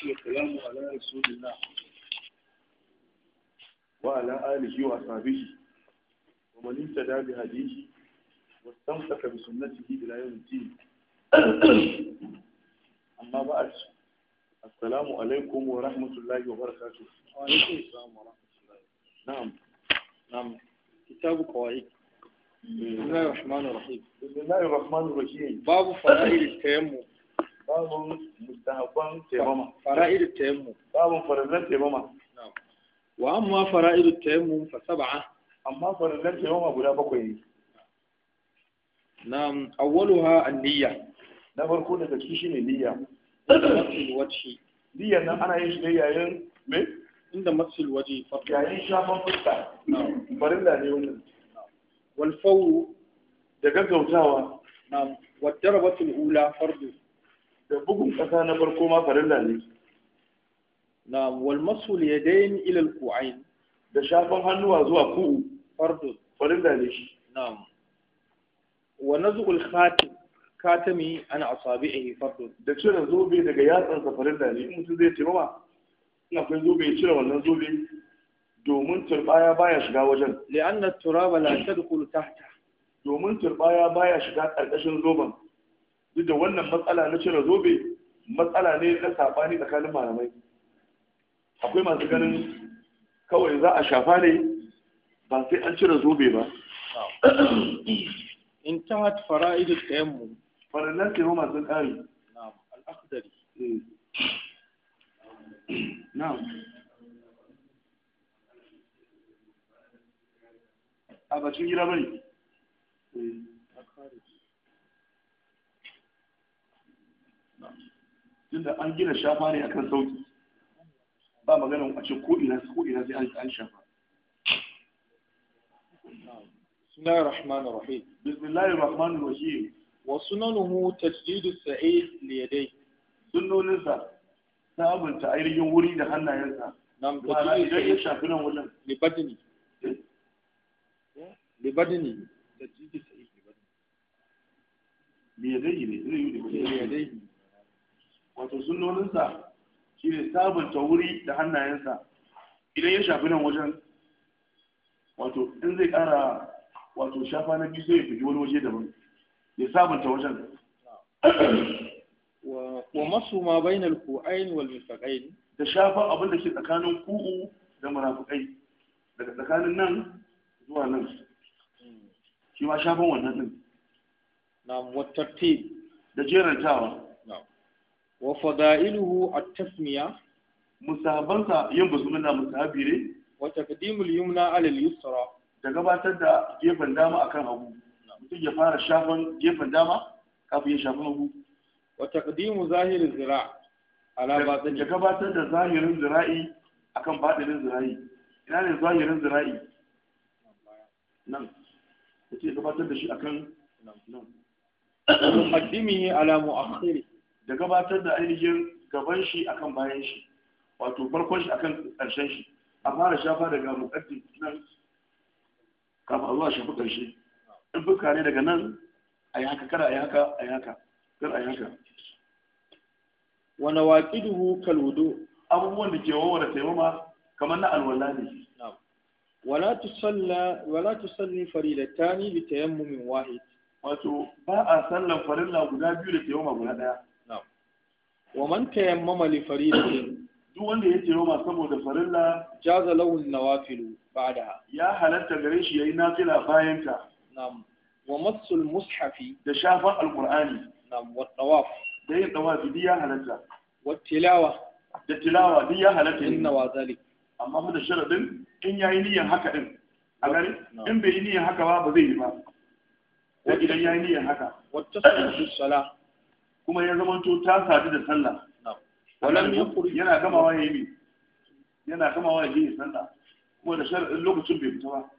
salatu wa salamu ala rasulillah wa ala alihi wa ashabihi wa man ihtada bi hadihi wa wa rahmatullahi wa بسم الله الرحمن الرحيم بسم الله الرحمن الرحيم باب فضائل التيمم babun mustahabban taimama fara'idu tayammum babun farillan taimama wa amma fara'idu tayammum fa sab'a amma farillan taimama guda bakwai ne na'am awwaluha an-niyya na farko daga ciki shine niyya wacce niyya nan ana yin shi ne yayin me inda matsil waje yayin shafan fuska farilla ne wannan wal fawru da gaggautawa na'am wa darabatul ula fardu da bugun ƙasa na farko ma farilla ne na wal masul yadayn ila al qu'ain da shafan hannuwa zuwa ku'u fardu farilla ne shi na'am wa nazul khatim katami ana asabi'ihi fardu da cire zobe daga yatsansa farilla ne in mutum zai taimama Ina kai zobe ya cire wannan zobe domin turbaya baya shiga wajen li'anna turaba la tadkhulu tahta domin turbaya baya shiga karkashin zoben duk da wannan matsala na cire zobe matsala ne na sabani tsakanin malamai akwai masu ganin kawai za a shafa ne ba sai an cire zobe ba in ta wata fara'idu ta yammu farallar ke homa sun ƙari al'akhdari eh. na'am a bakin gida bane eh. tunda an gina shafa ne akan sauki ba magana a ce ko ina ko ina sai an shafa bismillahir rahmanir rahim bismillahir rahmanir rahim wa sunanuhu tajdidu sa'id li yaday yadayhi sunnoninsa sabunta ainihin wuri da hannayensa nan ba idan ya shafi nan wannan ne badini ne eh? badini tajdidu sa'id libadini li yaday ne zai yi wato sunnoninsa shi ne sabunta wuri da hannayensa idan ya shafi nan wajen wato in zai ƙara wato shafa na biyu sai ya fi wani waje daban ya sabunta wajen wa masu ma bainar ku'ain wal mifaqain da shafa abin da ke tsakanin ku'u da marafukai, daga tsakanin nan zuwa nan hmm. shi ma shafan wannan din na tafi. da jerantawa wa fada'iluhu at-tasmiya musabansa yin bismillah musahabi ne wa taqdimul yumna 'ala al-yusra da gabatar da gefen dama akan hagu mutum ya fara shafan gefen dama kafin ya shafi hagu wa taqdimu zahiri zira' ala batin ya gabatar da zahirin zira'i akan batinin zira'i ina ne zahirin zira'i nan ya gabatar da shi akan nan muqaddimihi ala mu'akhiri da gabatar da ainihin gaban shi akan bayan shi wato farkon shi akan karshen shi a fara shafa daga muƙaddim nan kafa zuwa shafi shi, in fuska ne daga nan a yi haka kada a yi haka a yi haka kar a yi haka wani waƙiduhu kalwudu abubuwan da ke wawara taimama kamar na alwala ne wala tusalla wala tusalli faridatani bi tayammumin wahid wato ba a sallan farilla guda biyu da taimama guda daya wa man tayammama li faridatin duk wanda ya ce ma saboda farilla jaza lahu nawafilu ba'da ya halatta gare shi yayi nafila bayan ka na'am wa masul mushafi da shafan alqur'ani na'am wa tawaf da yin tawafi duk ya halatta wa tilawa da tilawa duk ya halatta inna wa zalik amma mu da sharadin in yayi niyyar haka din a gari in bai yi niyyar haka ba ba zai yi ba idan yayi niyyar haka wa tasallu salat kuma ya to ta sadu da sallah Wannan yuqri yana kama yayi mi yana gamawa yayi sallah kuma da sharadin lokacin bai fita ba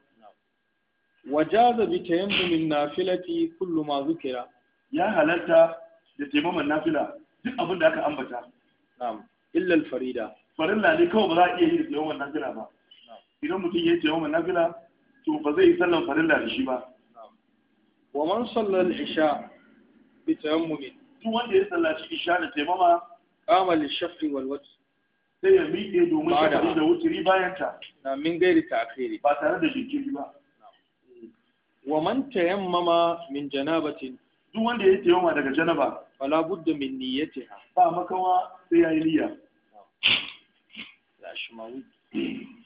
wajaza bi tayammumin nafilati kullu ma zukira ya halalta da taimaman nafila duk abin da aka ambata na'am illa al farida farilla ne kawai ba za a iya yi da nafila ba idan mutum ya yi taimaman nafila to ba zai yi sallan farilla da shi ba wa man sallal isha bi tayammumin duk wanda ya sallaci isha da taimama qama li shafi wal sai ya miƙe domin shafari da wuturi bayan ta na min gairi ta akhiri ba tare da jinkiri ba wa man tayammama min janabatin duk wanda ya tayammama daga janaba fala budda min niyyatiha ba makawa sai ya yi niyya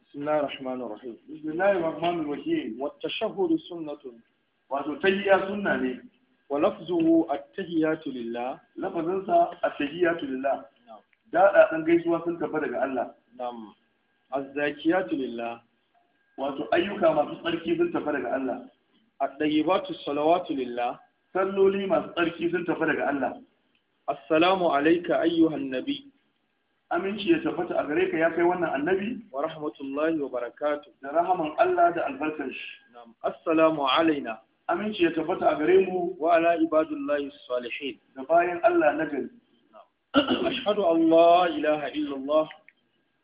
بسم الله الرحمن الرحيم بسم الله الرحمن الرحيم والتشهد سنة وتتهيئة سنة ولفظه التهيات لله لفظنسا التهيات لله daɗa ɗan gaisuwa sun tafi daga Allah. Nam. Azzakiyatu lillah. Wato ayyuka masu tsarki sun tafi daga Allah. Addayibatu salawatu lillah. Salloli masu tsarki sun tafi daga Allah. assalamu alayka ayyuhan nabi aminci ya tabbata a gare ka ya kai wannan annabi wa rahmatullahi wa barakatuh da rahaman Allah da albarkar shi na'am alaina aminci ya tabbata a gare mu wa ala ibadullahi da bayan Allah na ilaha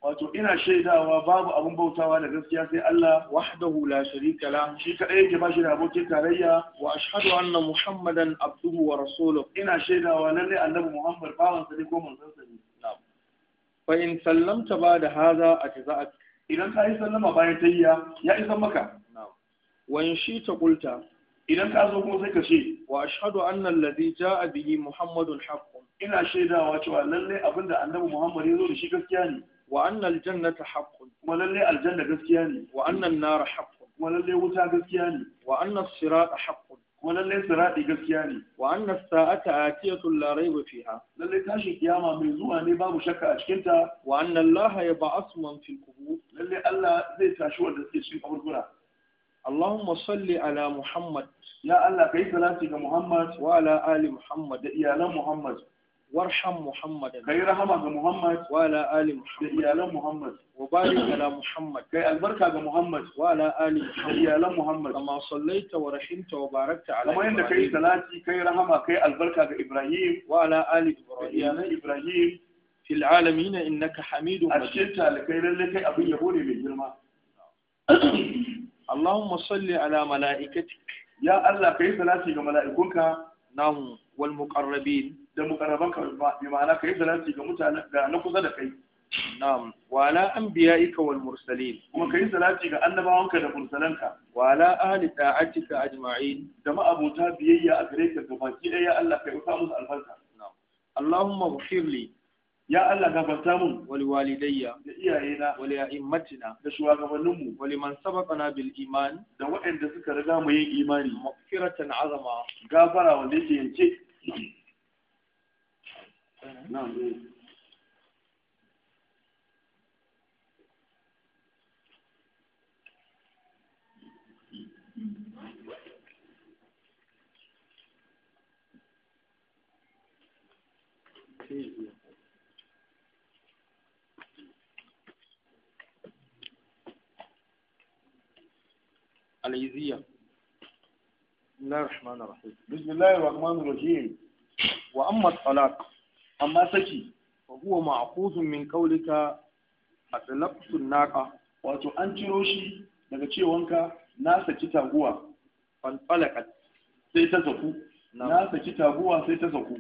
wato ina shaidawa babu abin bautawa da gaskiya sai Allah wahdahu la sharika la shi kadai yake bashi da abokin tarayya wa ashhadu anna muhammadan abduhu wa rasuluhu ina shaidawa lalle annabi muhammad bawan sa ne ko manzon sa ne fa in sallamta ba da hadha ajza'ak idan ka yi sallama bayan tayya ya isa maka wa in shi ta qulta idan ka zo kuma sai ka ce wa ashhadu anna alladhi ja'a bihi muhammadun haqqun ina shaidawa cewa lalle abinda annabi muhammad ya zo da shi gaskiya ne wa annal jannata haqqun kuma lalle aljanna gaskiya ne wa annan nar haqqun kuma lalle wuta gaskiya ne wa annas sirata haqqun kuma lalle sirati gaskiya ne wa annas sa'ata atiyatu la rayba fiha lalle tashi kiyama mai zuwa ne babu shakka a cikin ta wa anna Allah zai tashi wanda suke cikin kaburbura اللهم صل على محمد يا الله كيف Muhammad? محمد وعلى آل محمد يا محمد warham muhammadan kai rahama ga muhammad wa ali da iyalan muhammad wa barik ala muhammad kai albarka ga muhammad wa ali da iyalan muhammad kama sallaita wa rahimta wa barakta ala kuma kai salati kai rahama kai albarka ga ibrahim wa ali ibrahim iyalan ibrahim fil alamin innaka hamidun majid ashe lalle kai abin ne mai girma Allahumma salli ala mala'ikatik ya Allah kai salati ga mala'ikunka namu wal muqarrabin da muqarraban ka bi ma'ana kai salati ga mutane ga na kusa da kai na'am wa ala anbiya'ika wal mursalin kuma kai salati ga annabawanka da mursalanka wa ala ahli ta'atika ajma'in da ma'abuta biyayya a gare ka gabaki daya, Allah kai usa musu albarka na'am Allahumma ghfirli ya Allah gafarta mun wali walidayya da iyaye na wali a'immatina da mu wali man sabaqana bil iman da waɗanda suka riga mu yin imani na azama gafara wanda yake yance. na'am eh. al-izziya bismillahir rahmanir rahim bismillahir wa amma talaq amma saki fa huwa ma'khuzun min qawlika atlaqtu an an ciro shi daga ka? na saki taguwa falfalakat sai ta zaku na saki taguwa sai ta zaku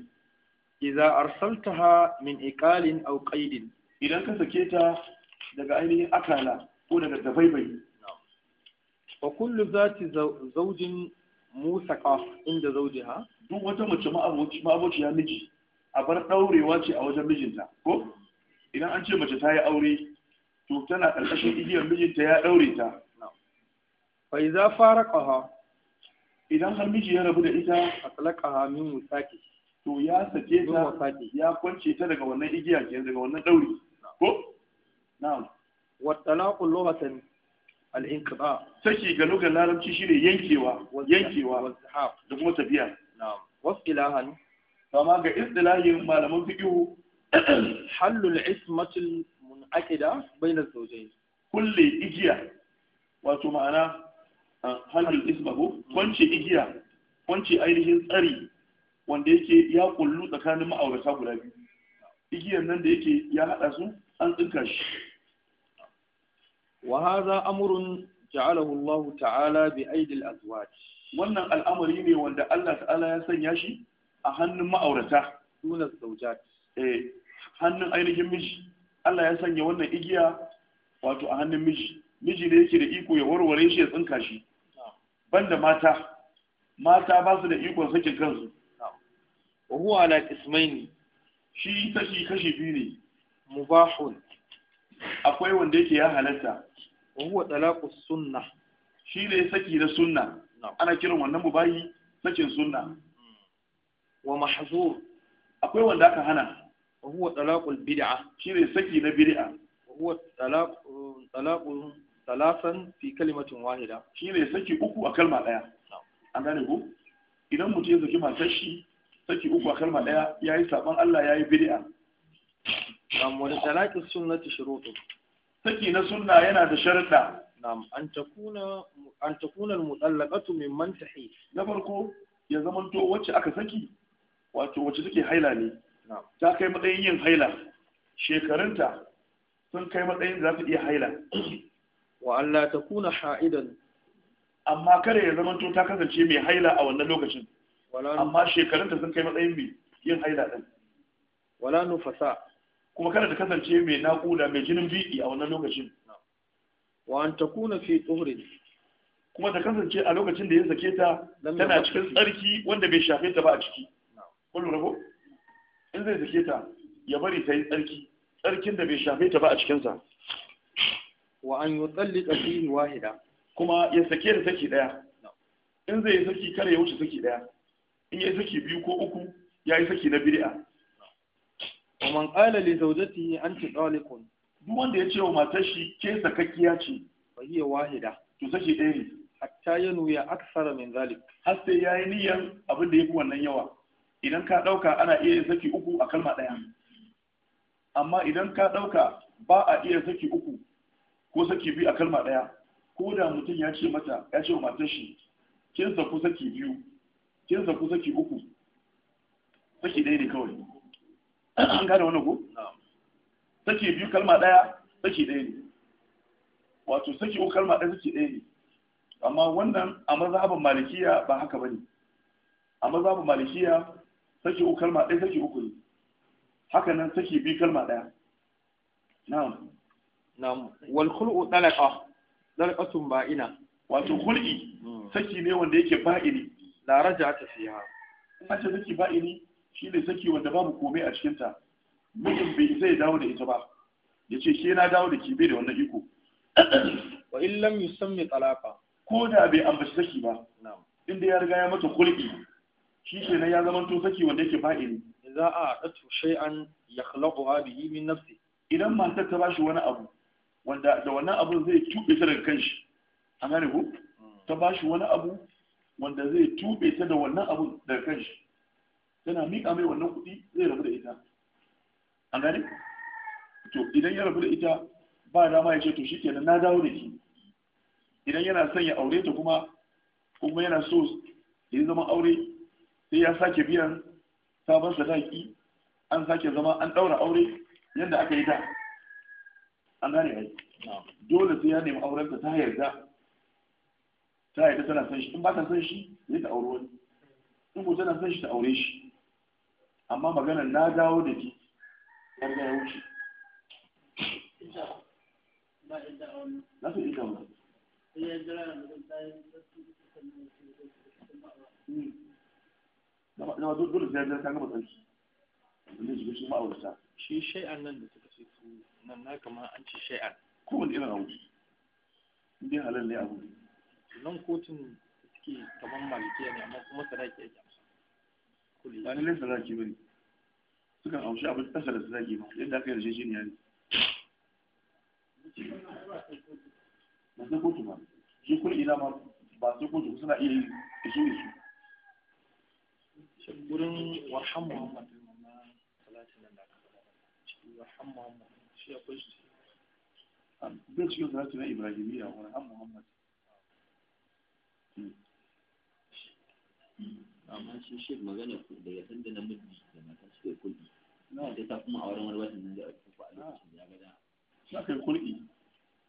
idza arsaltaha min iqalin aw qaidin idan ka sake ta daga ainihin akala ko daga dabaibai wa kullu zati zawjin musaqa inda zawjiha duk wata mace ma'aboci ma'aboci ya miji a bar daurewa ce a wajen mijinta ko idan an ce mace ta yi aure to tana karkashin igiyar mijinta ya daure ta fa idza faraqaha idan har miji ya rabu da ita atlaqaha min musaqi to ya sake ta ya kwance ta daga wannan igiya ke daga wannan dauri ko na'am wa talaqul al-inqida saki ga lugar larabci ne yankewa yankewa da kuma tafiya na'am wasu ilahan ma ga istilahin malaman mun halul ismatul munaqida bayna zawjayn kulle igiya wato ma'ana halul isma ko mm. kwance igiya kwance ainihin tsari wanda yake ya kullu tsakanin ma'aurata guda biyu igiyan nan da yake ya hada su an tsinka shi wa hadha amrun ja'alahu Allah ta'ala bi aidil azwaj wannan al'amari ne wanda Allah ta'ala ya sanya shi a hannun ma'aurata dunan zaujat eh hannun ainihin miji Allah ya sanya wannan igiya wato a hannun miji miji ne yake da iko ya warware shi ya tsinka shi banda mata mata ba su da ikon sakin kansu wa huwa ala qismaini shi kashi kashi biyu ne mubahun akwai wanda yake ya halatta huwa Dalaku sunna shi ne saki na sunna ana kiran wannan mubahi sakin sunna wa mahzur akwai wanda aka hana huwa Dalaku bid'a shi ne saki na bid'a huwa Dalaku talasan fi kalimatin wahida shi ne saki uku a kalma daya an gane ku? idan mutum ya saki matar shi saki uku a kalma daya yayi saban Allah yayi bid'a nam wani talaki sunnati shurutu saki na sunna yana da sharuɗa nam an takuna an takuna al-mutallaqatu mimman na farko ya zamanto wacce aka saki wacce take haila ne ta kai matsayin yin haila shekarunta sun kai matsayin za haila wa Allah ta kuna ha'idan amma kada ya zama ta kasance mai haila a wannan lokacin amma shekarunta sun kai matsayin mai yin haila wala nufasa kuma kada ta kasance mai naƙuda mai jinin biɗi a wannan lokacin wa an takuna fi tuhrin kuma ta kasance a lokacin da ya sake ta tana cikin tsarki wanda bai shafe ta ba a ciki kullu rabo in zai sake ta ya bari ta yi tsarki tsarkin da bai shafe ta ba a cikinsa wa an yi tsallika fihi wahida kuma ya sake da saki daya in zai saki kare ya wuce saki daya in ya saki biyu ko uku ya yi saki na bid'a wa man qala li zawjatihi anti taliqun duk wanda ya ce wa matar shi ke sakakkiya ce fa hiya wahida to saki ɗaya ne hatta ya nuya aksara min zalik har sai yayi niyyar abin da yake wannan yawa idan ka ɗauka ana iya yin saki uku a kalma ɗaya amma idan ka ɗauka ba a iya saki uku ko saki biyu a kalma ɗaya ko da mutum ya ce mata ya ce wa matar shi kin saku saki biyu kin saku saki uku saki ɗaya ne kawai an gane wani ku? saki biyu kalma ɗaya saki ɗaya ne wato saki uku kalma ɗaya saki ɗaya ne amma wannan a mazhabin malikiya ba haka ba ne a mazhabin malikiya saki uku kalma ɗaya saki uku ne haka nan saki biyu kalma ɗaya na'am na'am wal khul'u talaqa talaqatun ba'ina wato khul'i hmm. saki ne wanda yake ba'ini la raja'ata fiha in ce saki ba'ini shi ne saki wanda babu komai a cikinta mijin bai zai dawo da ita ba ya ce ke na dawo da ki bai da wannan iko wa illam yusammi talaqa ko da bai ambaci saki ba inda ya riga ya mata kulki shi ke nan ya zama to saki wanda yake ini za a an ya yakhluquha hadihi min nafsi idan matar ta bashi wani abu wanda da wannan abun zai tube ta daga kanshi an gane ko hmm. ta bashi wani abu wanda zai tube ta da wannan abu daga kanshi tana miƙa mai wannan kuɗi zai rabu da ita an gane to idan ya rabu da ita ba dama ya ce to shi kenan na dawo da ki idan yana son ya aure ta kuma kuma yana so ya yi zama aure sai ya sake biyan sabon sadaki an sake zama an ɗaura aure yadda aka yi da an gane ai dole sai ya nemi auren ta yarda ta yarda tana son shi in ba ta son shi zai ta aure wani in ko tana son shi ta aure shi amma magana na dawo da shi, har ya wuce na su ita ba na wato dole sai ya ta gaba tsarki ne shiga shi ma'aurata shai'an nan da suka ce su nan na kama an ce shai'an kowane irin abu in dai ne abu nan kotun suke kamar malikiya ne amma kuma sadaki ake ba nesa ne sukan aushi abin ƙasa da zaki ba yadda aka yarje shi ne yari ba sai kotu ba shi kuli ina ma ba sai kotu suna iya yi shi ne su warhan muhammad na talatin nan da aka warhan muhammad shi akwai shi bai cikin na ibrahimiyya warhan muhammad amma shi shi magana daga sanda namiji da mata suka yi kulɗi sai ta kuma auren wani watan nan da aka kufa a lokacin da ya ga shi aka yi kulɗi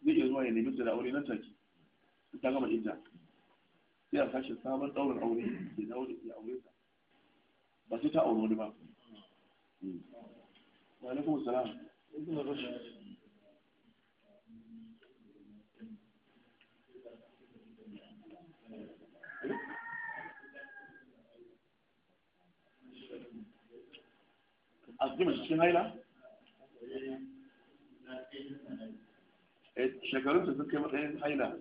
zai iya zuwa ya nemi da aure nan take ta gama idda sai a kashe sabon ɗaurin aure ke dawo da ke aure ta ba sai ta auri wani ba hmm. wa alaikum salam a jima cikin haila shekarun da sun kai matsayin haila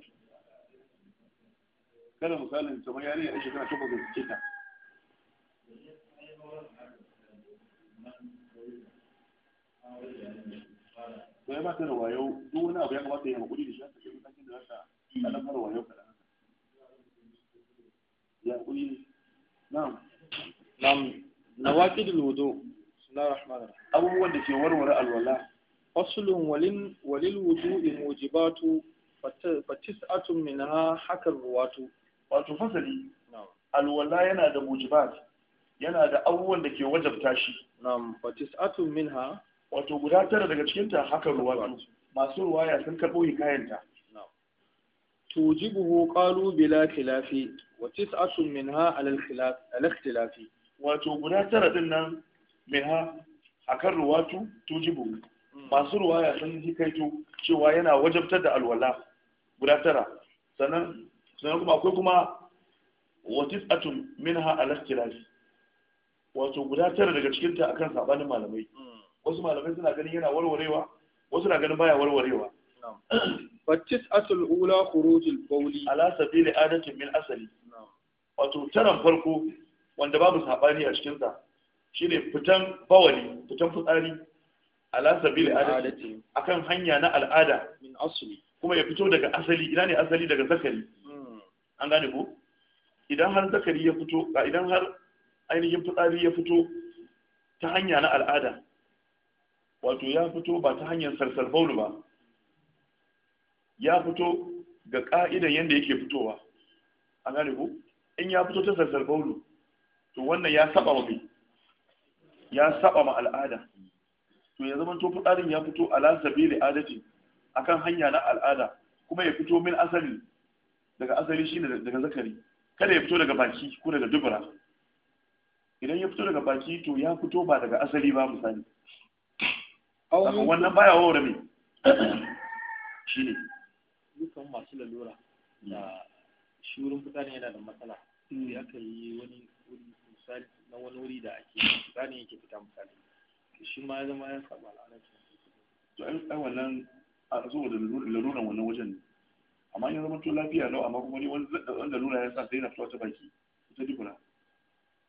kada misalin kamar yari a shekara takwas da suke ta sai ba ta da wayo duk wani abu ya kamata ya hakuri da shi ta kai matakin da za ta kaɗan mara wayo kaɗan ya hakuri na'am na'am nawaqidul wudu abubuwan da ke warware alwala fasulun walil wudu'i mujibatu fatis'atun minha hakar ruwatu wato fasali alwala yana da mujibat yana da abubuwan da ke wajabta shi na'am min ha! wato guda tara daga cikin ta hakar ruwatu masu ruwaya sun karbo hikayanta tujibuhu qalu bila khilafi wa tis'atun minha ala al-ikhtilafi wato guda tara din nan minha akan ruwatu tujibu hmm. masu ruwaya sun ji kaito cewa yana wajabtar da alwala guda tara sannan sannan kuma akwai kuma watis atum minha alaskirari wato guda tara daga cikinta akan sabanin malamai hmm. wasu malamai suna ganin yana warwarewa wasu na ganin baya warwarewa Fattis asul ula khurujul bauli ala sabili adatin min asali wato taran farko wanda babu sabani a cikin sa shine fitan bawali fitan fitsari ala sabili adati akan hanya na al'ada min asli kuma ya fito daga asali ina ne asali daga zakari hmm. an gane ko idan har zakari ya fito idan har ainihin fitsari ya fito ta hanya na al'ada wato ya fito ba ta hanyar sarsar baulu ba ya fito ga ka'idan yadda yake fitowa an gane ko in ya fito ta sarsar baulu to wannan ya saba wa ya saba ma al'ada to ya zama to fitsarin ya fito ala sabili adati akan hanya na al'ada kuma ya fito min asali daga asali shine daga zakari kada ya fito daga baki ko daga dubura idan ya fito daga baki to ya fito ba daga asali ba misali wannan baya wawara Shi shine dukkan masu lalura da shi wurin fitsarin yana da matsala sai aka yi wani misali na wani wuri da ake tsarin yake fita misali shi ma ya zama ya saba al'adar to ai wannan a saboda laluran wannan wajen ne amma ya zama to lafiya lau amma kuma ne wanda lura ya sa sai yana fitowa ta baki ta dubura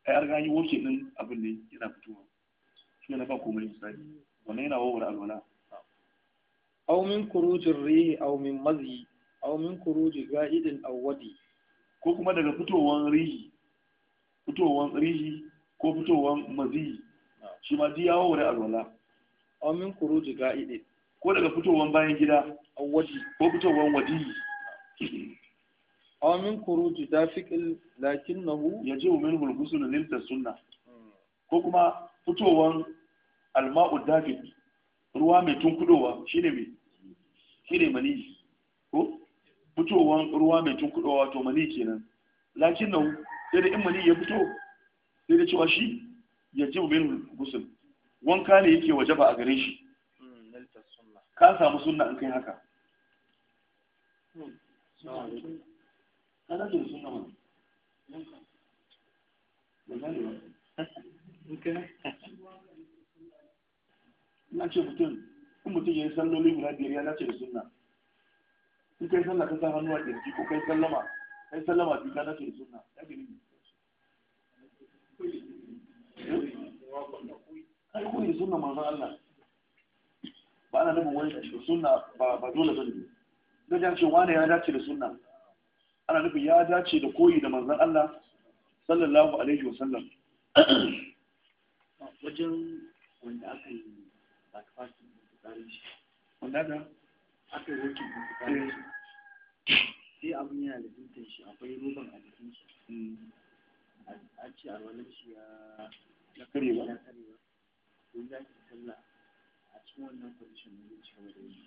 ai an gani wuce din abin ne yana fitowa shi yana ba komai misali wannan yana wawar alwala aw min kurujin rihi aw min mazi aw min kuruji ga'idin awwadi ko kuma daga fitowar rihi fitowar rihi ko fitowar maziyi shi ma duk ya warware alwala aw min khuruji ga'idin ko daga fitowar bayan gida aw waji ko fitowar wadi aw min khuruji dafiqil lakinnahu yajibu minhu al-ghusl lil sunna hmm. ko kuma fitowar alma'u dafiq ruwa mai tunkudowa shine mai shine mani ko fitowar ruwa mai tunkudowa to mani kenan lakinnahu sai da in mani ya fito sai da cewa shi ya ji min gusul wanka ne yake waje ba a gare shi ka samu sunna in kai haka kana na ce mutum in mutum ya yi salloli guda biyar ya dace da sunna in kai sallah ka sa hannu a kirji ko kai sallama kai sallama bi ka dace da sunna ya gani ai koyi suna manzon Allah ba ana nufin wani suna ba dole bane da ya ce wani ya dace da suna. ana nufin ya dace da koyi da manzon Allah sallallahu alaihi wa sallam wajen wanda aka yi ba ta fasu tsarin shi wanda aka aka yi wakil da tsarin shi sai abin yana da jintan shi akwai roban a jikin shi hmm. a ce a wannan shi ya na karewa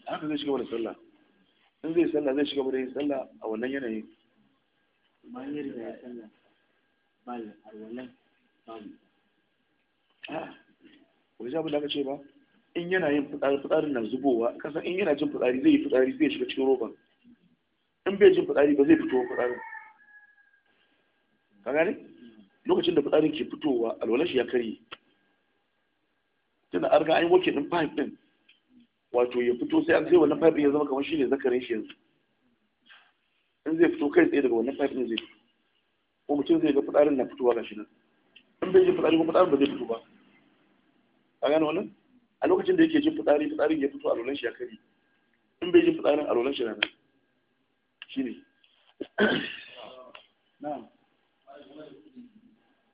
haka zai shiga wani sallah in zai sallah zai shiga wani yin sallah a wannan yanayin bayan ya ya sallah ba ya arwalan babu wani abin da aka ce ba in yana yin fitsari fitsarin na zubowa kasan in yana jin fitsari zai yi fitsari zai shiga cikin roba. in bai jin fitsari ba zai fito fitsarin ka gane lokacin da fitsarin ke fitowa alwalar shi ya karye tana arga ga an din pipe din wato ya fito sai an sai wannan pipe ya zama kamar shine zakarin shi yanzu in zai fito kai tsaye daga wannan pipe din zai ko mutum zai ga fitsarin na fitowa gashi shi nan in bai ji fitsari ko fitsarin ba zai fito ba a gane wannan a lokacin da yake jin fitsari fitsarin ya fito alwalar shi ya karye in bai ji fitsarin alwalar shi na nan shine na'am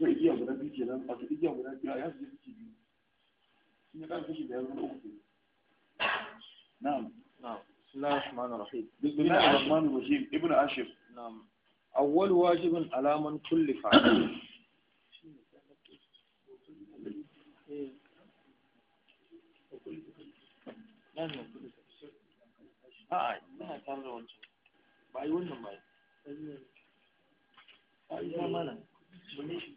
sai igiya guda biyu kenan wato igiya guda biyu ya su kashi biyu sun ya kara kashi biyar wani uku na'am na'am بسم الله الرحمن الرحيم بسم الله الرحمن الرحيم ابن عاشر نعم أول واجب على من كلف عليه ba yi wannan ba yi. Ba yi zamana. Ba ne shi.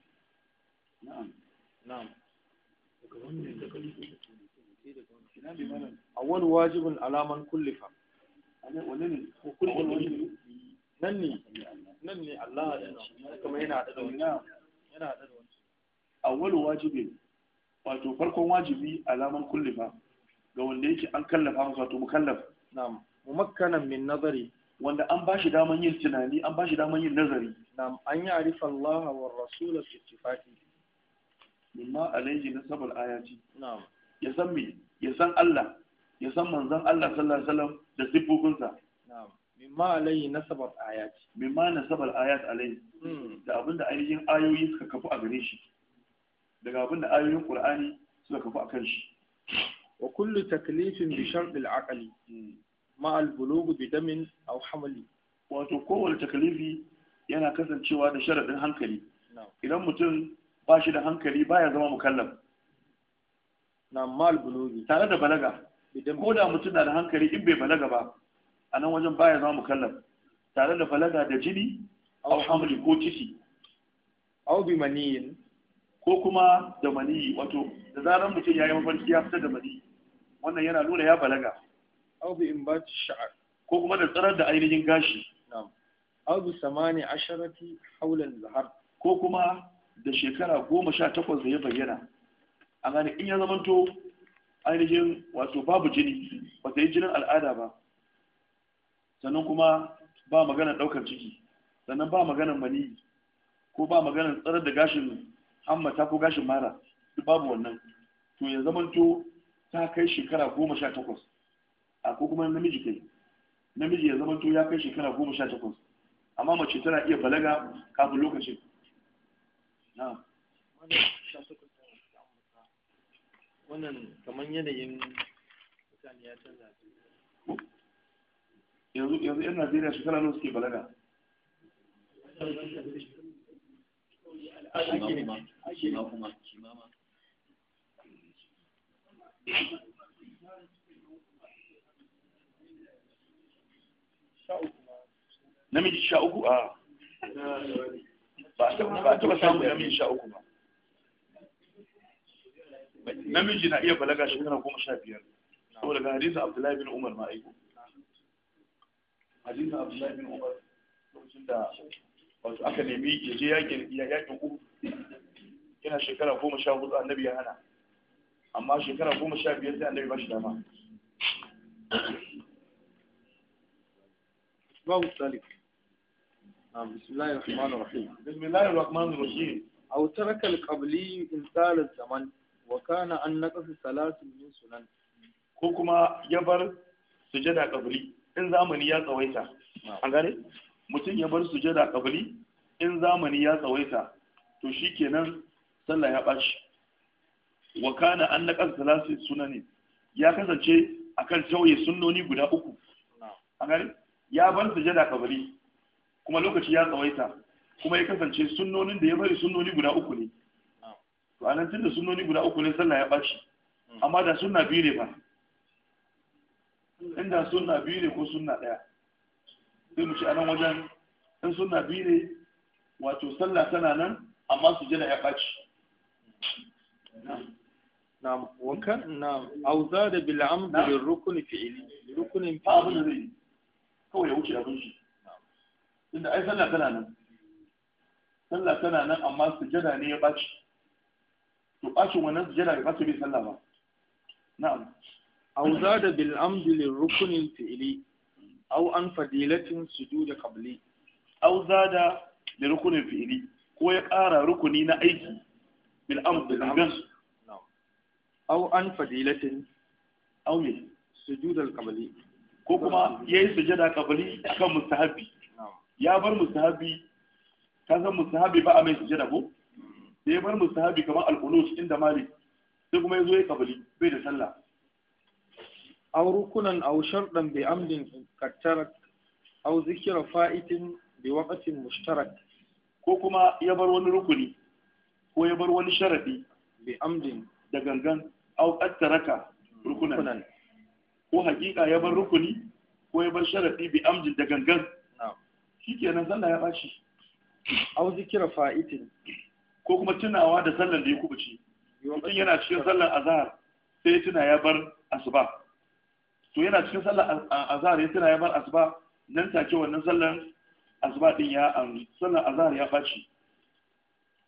awwal wajibin alaman kullifa nan ne nan ne Allah da kuma yana da yana da awwal wajibin wato farkon wajibi alaman kullifa ga wanda yake an kallafa masa wato mukallaf na'am mumakkanan min nazari wanda an bashi daman yin tunani an bashi daman yin nazari na'am an yi arifa Allah wa rasul fi ittifaqi mimma alaihi nasabul ayati na'am ya san me ya san Allah ya san manzon Allah sallallahu alaihi wasallam da sifofinsa na'am mimma alaihi nasabul ayati mimma nasabul ayat alaihi hmm. da abinda ainihin ayoyi suka kafu a gare shi daga abinda ayoyin Qur'ani suka kafu a kan shi wa kullu taklifin bi shart al-aqli hmm. ma al-bulugh bi damin aw hamli wato kowane taklifi yana kasancewa da sharadin hankali idan mutum ba shi da hankali baya zama mukallaf na mal bulugi tare da balaga idan ko da mutum na da hankali in bai balaga ba a nan wajen baya zama mukallaf tare da balaga da jini aw hamli ko ciki aw bi maniyin ko kuma da maniyi wato da zarar mutum ya yi mafarki ya fita da maniyi wannan yana nuna ya balaga aw bi imbati sha'r ko kuma da tsarar da ainihin gashi na'am aw bi samani asharati hawla zahar ko kuma da shekara goma sha takwas da ya bayyana a gane in ya zamanto ainihin wato babu jini ba ta yi jinin al'ada ba sannan kuma ba maganar ɗaukar ciki sannan ba maganar mani ko ba maganar tsarar da gashin hammata ko gashin mara babu wannan to ya zamanto ta kai shekara goma sha takwas a ko kuma namiji kai namiji ya zamanto ya kai shekara goma sha takwas amma mace tana iya balaga kafin lokacin wannan kamar yanayin mutane ya yanzu yanzu yan najeriya shekara nawa suke balaga namiji sha uku ah. a ba a taɓa samun namiji sha uku ba namiji na iya balaga shekara goma sha biyar saboda ga Hadiza, abdullahi bin umar ma aiko Hadiza, abdullahi bin umar lokacin da wato aka nemi ya yakin yakin uku yana shekara goma sha hudu annabi ya hana amma shekara goma sha biyar sai annabi ba shi dama babu tsali بسم الله الرحمن الرحيم بسم الله الرحمن الرحيم أو ترك القبلي إنسال الزمن وكان أن نقص ثلاث من سنن كوكما يبر سجد قبلي إن زمني يا تويتا أنغاري mutum ya bar sujada kabali in zamani ya tsawaita to shikenan sallah ya ɓaci wa kana an naƙas salasi sunani ya kasance akan tauye sunnoni guda uku a gari ya bar sujada kabali kuma lokaci ya tsawaita kuma ya kasance sunnonin da ya bari sunnoni guda uku ne to anan tunda sunnoni guda uku ne sallah ya bashi amma da sunna biyu ne ba inda sunna biyu ne ko sunna daya sai mu ci anan wajen in sunna biyu ne wato sallah tana nan amma su jira ya bashi na'am wa kan na'am auza da bil amr bil rukn fi'li rukn fi'li kawai ya wuce abin shi da ai sallah tana nan sallah tana nan amma sujada ne ya baci to bacin wannan sujada bai baci bai sallah ba na'am aw zada bil amdi lil rukn fi'li aw an fadilatin sujud qabli aw zada lil rukn fi'li ko ya ƙara rukuni na aiki bil amdi bil aw an fadilatin aw min sujud al qabli ko kuma yayi sujada qabli akan mustahabi ya bar musahabi ka san musahabi ba a mai sujada ko da ya bar musahabi kamar al-qunut inda malik sai kuma yazo ya kabali bai da sallah aw rukunan aw shartan bi amdin kattarak aw zikra fa'itin bi waqtin mushtarak ko kuma ya bar wani rukuni ko ya bar wani sharadi bi amdin da gangan aw kattaraka rukunan ko hakika ya bar rukuni ko ya bar sharadi bi amdin da gangan shikenan sallah ya bashi au zikira fa'itin ko kuma tunawa da sallar da ya kubuce mutum yana cikin sallar azhar sai tuna ya bar asuba to yana cikin sallar azhar ya tuna ya bar asuba nan take wannan sallar asuba din ya an sallar azhar ya bashi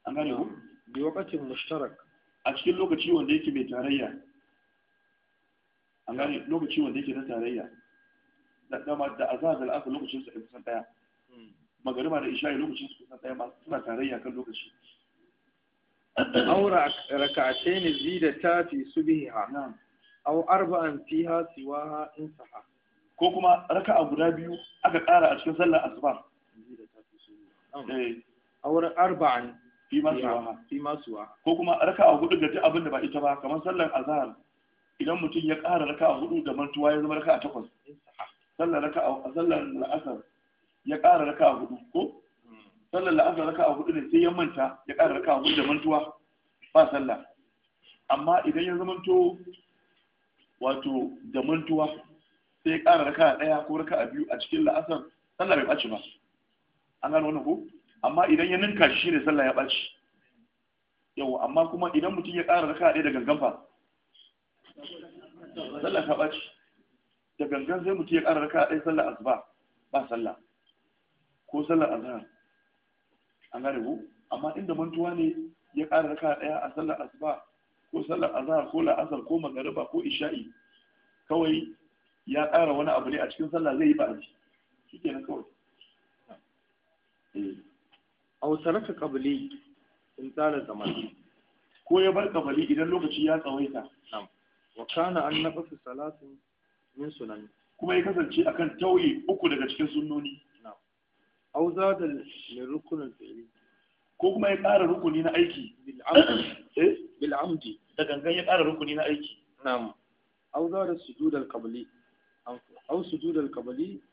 an gane ku bi waqatin mushtarak a cikin lokaci wanda yake mai tarayya an gane lokaci wanda yake na tarayya da dama da azhar da asr lokacin su ɗaya magariba da isha'i lokacin su kusa ɗaya ba suna tarayya kan lokaci aura raka'ate ne zida ta fi subiha au arba'an fiha siwaha in saha ko kuma raka'a guda biyu aka ƙara a cikin sallar asuba eh. Aura arba'an fi ma wa. ko kuma raka'a hudu ga duk abin da ba ita ba kamar sallar azhar idan mutum ya ƙara raka'a hudu da mantuwa ya zama raka'a takwas sallar raka'a sallar la'asar ya ƙara raka a hudu ko sallar la'asar raka a hudu ne sai ya manta ya ƙara raka a hudu da mantuwa ba sallah amma idan ya zama to wato da mantuwa sai ya ƙara raka a ɗaya ko raka a biyu a cikin la'asar sallah bai ɓaci ba an gano wani ko amma idan ya ninka shi ne sallah ya ɓaci yau amma kuma idan mutum ya ƙara raka ɗaya da gangan fa sallah ta ɓaci da gangan sai mutum ya ƙara raka ɗaya sallah asuba ba sallah ko sallar azhar an gane ku amma inda mantuwa ne ya ƙara raka ɗaya a sallar asuba ko sallar azhar ko la'asar ko magariba ko isha'i kawai ya ƙara wani abu ne a cikin sallah zai yi ba'aji a ke na kawai eh. a wasu raka kabali in tsara zaman ko ya bar kabali idan lokaci ya tsawaita wa kana an naqasu salatin min sunan kuma ya kasance akan tauye uku daga cikin sunnoni aw zada lirukun ya rukuni na aiki bil da gangan ya ƙara rukuni na aiki na'am aw zada sujud al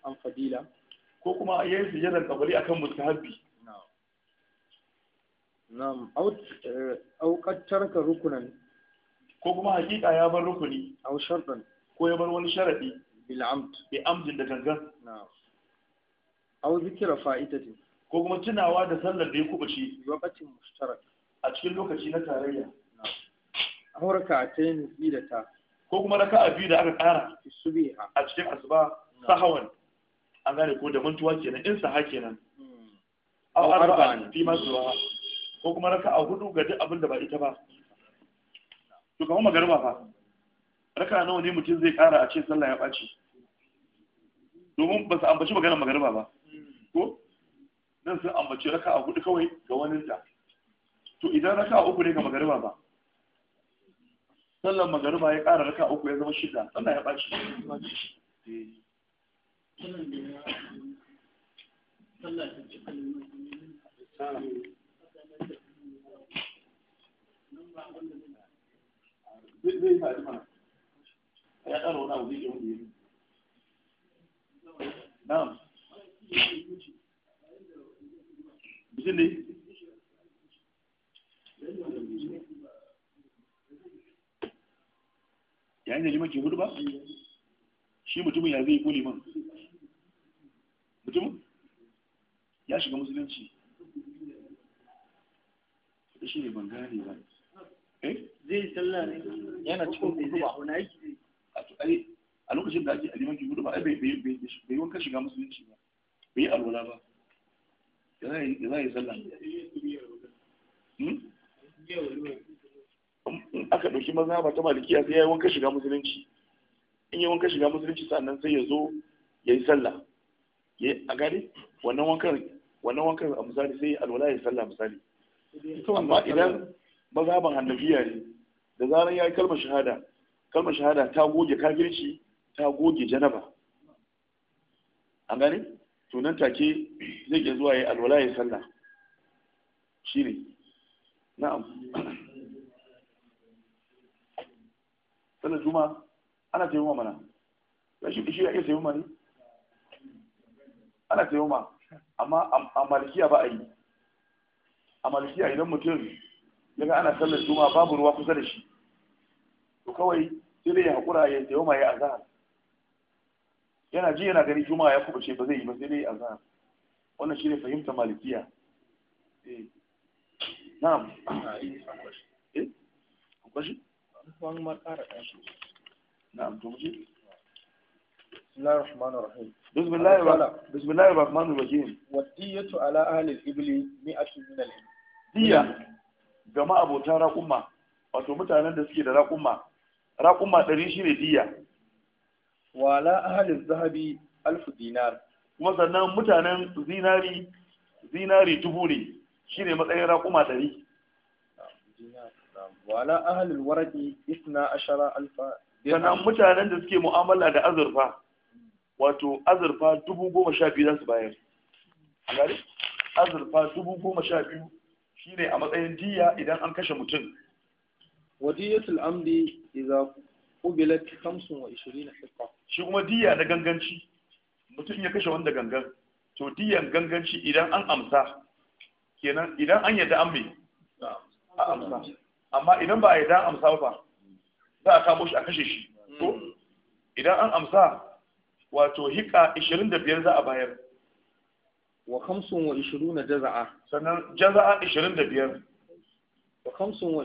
an fadila ko kuma ya yi sujud al akan mustahabbi na'am aw qad taraka ko kuma hakika ya bar rukuni aw shartan ko ya bar wani sharadi bil da gangan aw zikra fa'itati ko kuma tunawa da sallar da ya kubace lokacin mushtarak a cikin lokaci na tarayya A aw rak'atayn ta. ko kuma raka a biyu da aka ƙara? subha a cikin asuba sahawan an gane ko da mantuwa kenan in saha kenan hmm. aw arba'an fi ma zuwa ko kuma raka a hudu ga duk abin da ba ita ba to kawo magarba fa raka nawa ne mutum zai ƙara a ce sallah ya ɓaci domin ba su ambaci maganar magarba ba ko nan sun ambaci raka a hudu kawai ga wani da to idan raka a uku ne ga magariba ba sallan magariba ya ƙara raka uku ya zama shida sannan ya ɓaci shi ya ɗara wani yayin da liman ke gudu ba shi mutumin ya zai ko man mutum ya shiga musulunci da shi ne ban gane ba eh zai sallah ne yana cikin guduba a lokacin da ake a liman ke gudu ba ai bai wanka shiga musulunci ba bai alwala ba ya za yi sallah hmm? in aka ɗauki maza ba ta malikiya sai ya yi wanka shiga musulunci in yi wanka shiga musulunci sannan sai ya zo ya yi sallah a yi wannan wankan wannan wankan a misali sai alwala ya sallah misali amma idan mazhaban hannafiya ne da zarar ya yi kalmar shahada kalmar shahada ta goge kafirci ta goge janaba an gani Tunan take zai ke zuwa ya alwala ya ne. shine na'am sannan juma ana taimama mana ya shi shi ya iya taimama ne ana taimama amma a malikiya ba a yi a malikiya idan mutum ya ga ana sallar juma babu ruwa kusa da shi to kawai sai dai ya haƙura ya taimama ya azahar yana ji yana gani juma'a ya ce, ba zai yi ba sai dai azhar wannan shi ne fahimtar malikiya eh. na'am eh kwashi wani ma ƙara amfani na'am to muje بسم الله الرحمن الرحيم بسم الله amfani الرحمن الرحيم والدية على أهل الإبل مئة من amfani دية جماعة بوتا راقمة wato mutanen da suke da amfani raƙuma ɗari shi diya wala ahalin zahabi alfu dinar kuma sannan mutanen zinari zinari dubu ne shine matsayin raƙuma ɗari wala ahalin waraki isna ashara alfa sannan mutanen da suke mu'amala da azurfa wato azurfa dubu goma sha biyu za su bayar azurfa dubu goma sha biyu shine a matsayin diya idan an kashe mutum wadiyatul amdi idza qubilat 25 hiqqa shi kuma diya na ganganci mutum ya kashe wanda gangan to diyan ganganci idan an amsa kenan idan an yadda an mai a amsa amma idan ba a yadda an amsa ba za a kamo shi a kashe shi to idan an amsa wato hika 25 za a bayar wa wa 25 jaza'a sannan jaza'a 25 wa 25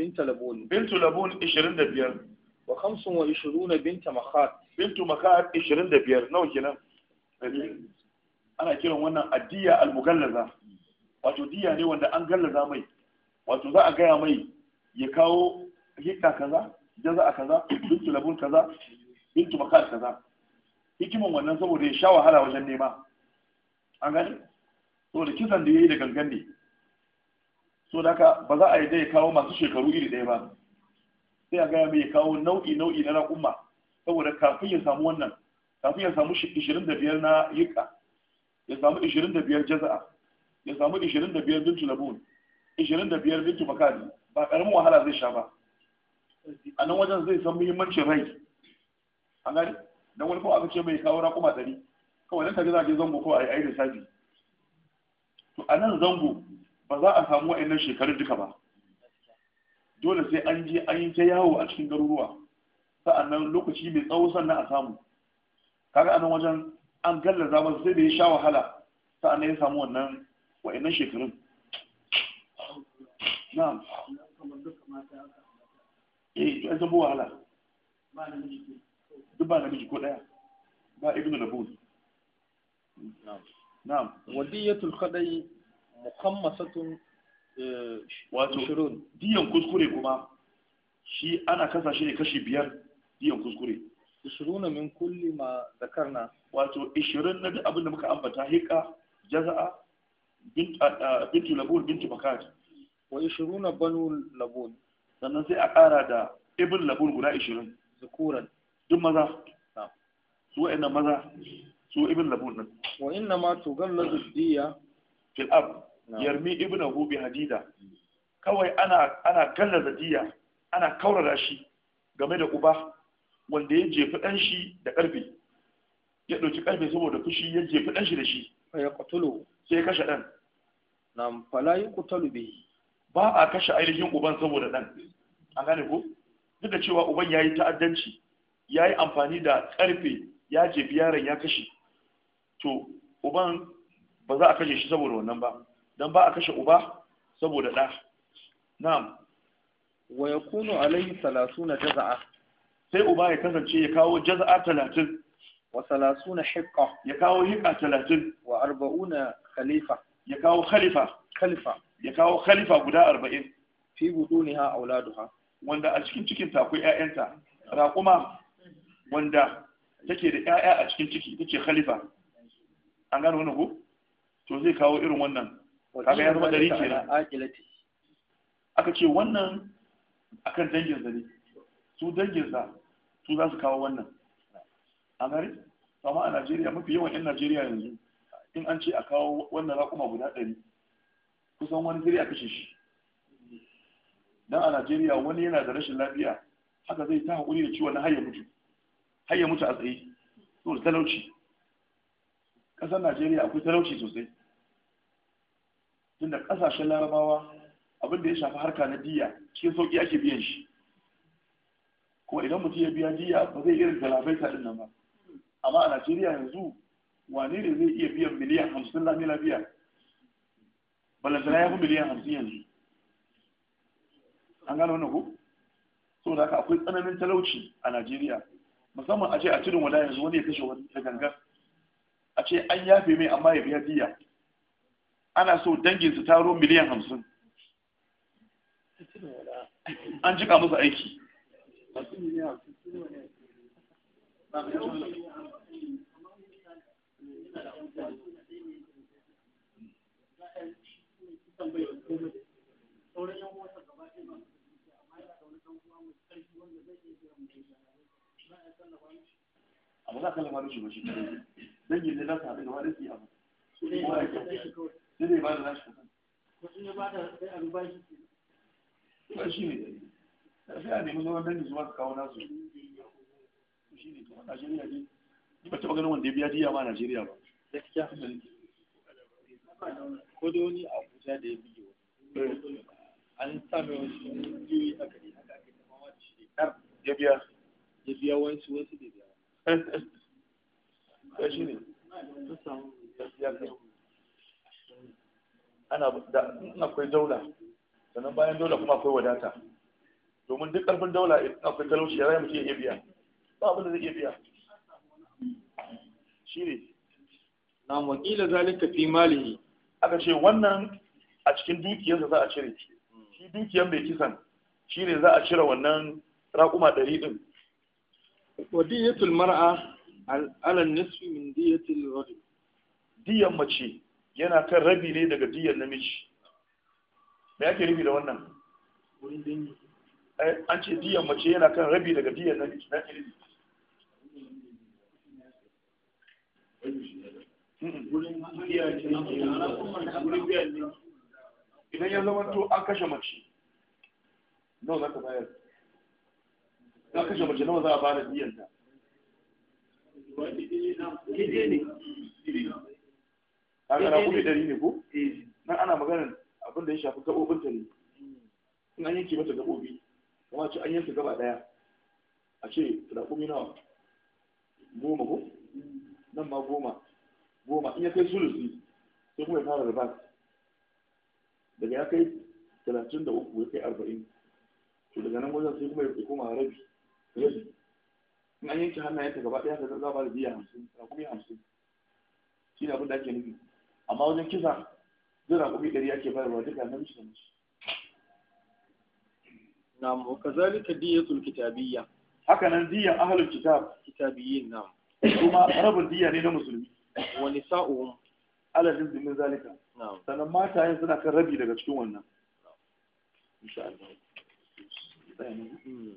binta labun bintu labun 25 wa khamsun wa ishiruna binta makhat bintu makhat ishirin da biyar nawa kenan ana kiran wannan addiya al-mugallaza wato diya ne wanda an gallaza mai wato za a gaya mai ya kawo hikka kaza jaza a kaza bintu labun kaza bintu makhat kaza hikiman wannan saboda ya sha wahala wajen nema an gani saboda kisan da ya yi da gangan ne so da ba za a yi ya kawo masu shekaru iri ɗaya ba sai a gaya mai kawo nau'i nau'i na raƙumma saboda kafin ya samu wannan kafin ya samu 25 na yiƙa ya samu 25 jaza'a ya samu 25 bintu labun 25 bintu makadi ba ƙaramin wahala zai sha ba a nan wajen zai san muhimmancin rai a gani don wani kuma aka ce mai kawo raƙuma ɗari kawai nan tafi za zango ko a yi aiki sabi to a nan zango ba za a samu wa'annan shekarun duka ba dole sai an je an yi ta yawo a cikin garuruwa sa'annan lokaci mai tsawo sannan a samu kaga anan wajen an gallaza masa sai da ya sha wahala sa'annan ya samu wannan wa'annan shekarun na'am eh to an zama wahala duk ba namiji ko daya ba ibnu nabud na'am na'am wadiyatul khadai muhammasatun Eh, wato diyan kuskure kuma shi ana kasa shi ne kashi biyar diyan kuskure ishiruna min kulli ma zakarna wato ishirin na duk abin da muka ambata hiƙa jaza'a bintu labun bintu bakat wa ishiruna banu labun sannan sai a ƙara da ibn labun guda ishirin zukuran duk maza su wa'annan maza su ibn labun nan wa ina ma tugalladu diya fil'ab yarmi abu bi hadida kawai ana ana gallaza diya ana kaurara shi game da uba wanda ya jefi ɗan shi da ƙarfe ya ɗauki ƙarfe saboda fushi ya jefi ɗan shi da shi ya qatulu sai ya kashe ɗan nam fala yi kutulu bi ba a kashe ainihin uban saboda ɗan an gane ko duk da cewa uban ya yi ta'addanci ya yi amfani da ƙarfe ya jefi yaron ya kashe to uban ba za a kashe shi saboda wannan ba dan ba a kashe uba saboda ɗa na'am wa yakunu alayhi salasuna jaza'a sai uba ya kasance ya kawo jaza'a 30 wa salasuna hiqqa ya kawo hiqqa 30 wa 40 khalifa ya kawo khalifa khalifa ya kawo khalifa guda 40 fi buduniha auladuha wanda a cikin cikin ta akwai ƴaƴanta raquma wanda take da ƴaƴa a cikin ciki take khalifa an gano wannan ko to zai kawo irin wannan kaga ya zama ɗari kenan aka ce wannan akan danginsa ne su danginsa su za su kawo wannan a gari amma a najeriya mafi yawan 'yan najeriya yanzu in an ce a kawo wannan raƙuma guda ɗari kusan wani zari a kashe shi don a najeriya wani yana da rashin lafiya haka zai ta haƙuri da ciwon na hayyar mutu mutu a tsaye so talauci ƙasar najeriya akwai talauci sosai tunda ƙasashen larabawa abinda ya shafi harka na diya cikin sauƙi ake biyan shi kuma idan mutum ya biya diya ba zai irin galabaita ɗin nan ba amma a najeriya yanzu wane ne zai iya biyan miliyan hamsin na lafiya balantana ya fi miliyan hamsin yanzu an gano wannan ko so da haka akwai tsananin talauci a najeriya musamman a ce a cikin wada yanzu wani ya kashe wani da gangar a ce an yafe mai amma ya biya diya ana so dangin su taro miliyan hamsin an jika musu aiki a ba za ka lamarin shi ba shi dangin da za su haɗu da wani sai zai ba da nashi kuɗin ya ba da sai a shi ba shi ne sai a nemi su kawo nasu shi ne kuma najeriya ne ni ba taɓa ganin wanda ya biya diya ma najeriya ba gaskiya ko da wani abuja da ya biyo eh. an sa mai wasu miliyoyi ne haka ake shi ya biya ya biya wasu wasu da biya ba shi ne ana da akwai daula sannan bayan daula kuma akwai wadata domin duk karfin daula in akwai talauci ya zai mutum ya iya biya ba abin da zai iya biya Shi ne. na wakila zalika fi malihi aka ce wannan a cikin dukiyarsa za a cire shi dukiyar mai kisan ne za a cire wannan raƙuma ɗari ɗin wadiyatul mar'a alal nisfi min diyatil rajul diyan mace yana kan rabi ne daga diyar namiji me ake rubi da wannan eh, an ce diyar mace yana kan rabi daga diyar namiji na ke rubi idan ya zama to an kashe mace nawa za ka bayar an kashe mace nawa za a bada diyar ta kaga eh, na eh, kuma dari eh. ne ko nan ana maganar abin da ya shafi gabobin ta ne in an yanke mata gaɓoɓi. kuma ce an yanke gaba ɗaya. a ce raƙumi nawa goma ko nan ma goma goma in ya kai sulusi sai kuma ya fara da ribas daga ya kai talatin da uku ya kai arba'in to daga nan wajen sai kuma ya koma rabi rabi in an yanke hannayen ta gaba ɗaya ta zaba da biya hamsin raƙumi hamsin shi ne abin da ake nufi amma wajen kisa zira raƙumi ɗari ake bayarwa duka namiji da mace na'am zalika kazalika diyatul kitabiyya haka nan diyan ahlul kitab kitabiyyin na'am kuma rabin diya ne na musulmi wa nisa'uhum ala jizmin zalika na'am sanan yin suna kan rabi daga cikin wannan insha Allah hmm.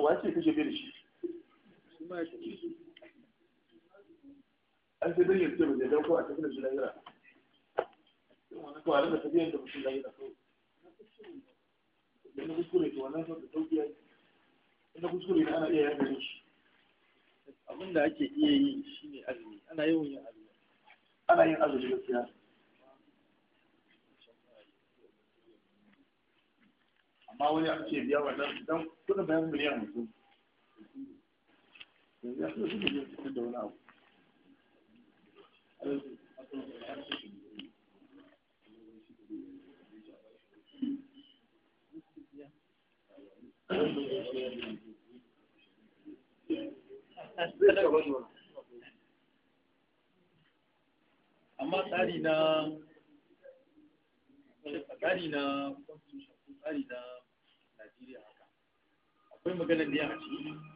wa ce kashe bai da shi kuma ya tafi su an sai dai yanzu ba zai dauko tafi da shi lahira to a rika tafiyan da mutum lahira da na kuskure to wannan sau da sauki yi. na kuskure ne ana iya yanka shi abin da ake iya yi shine azumi ana yawan yin azumi ana yin azumi gaskiya amma wani a ce biya wannan dan kudin bayan miliyan mutum amma tsari na tsari na tsari na Najeriya haka akwai magana da ya a ciki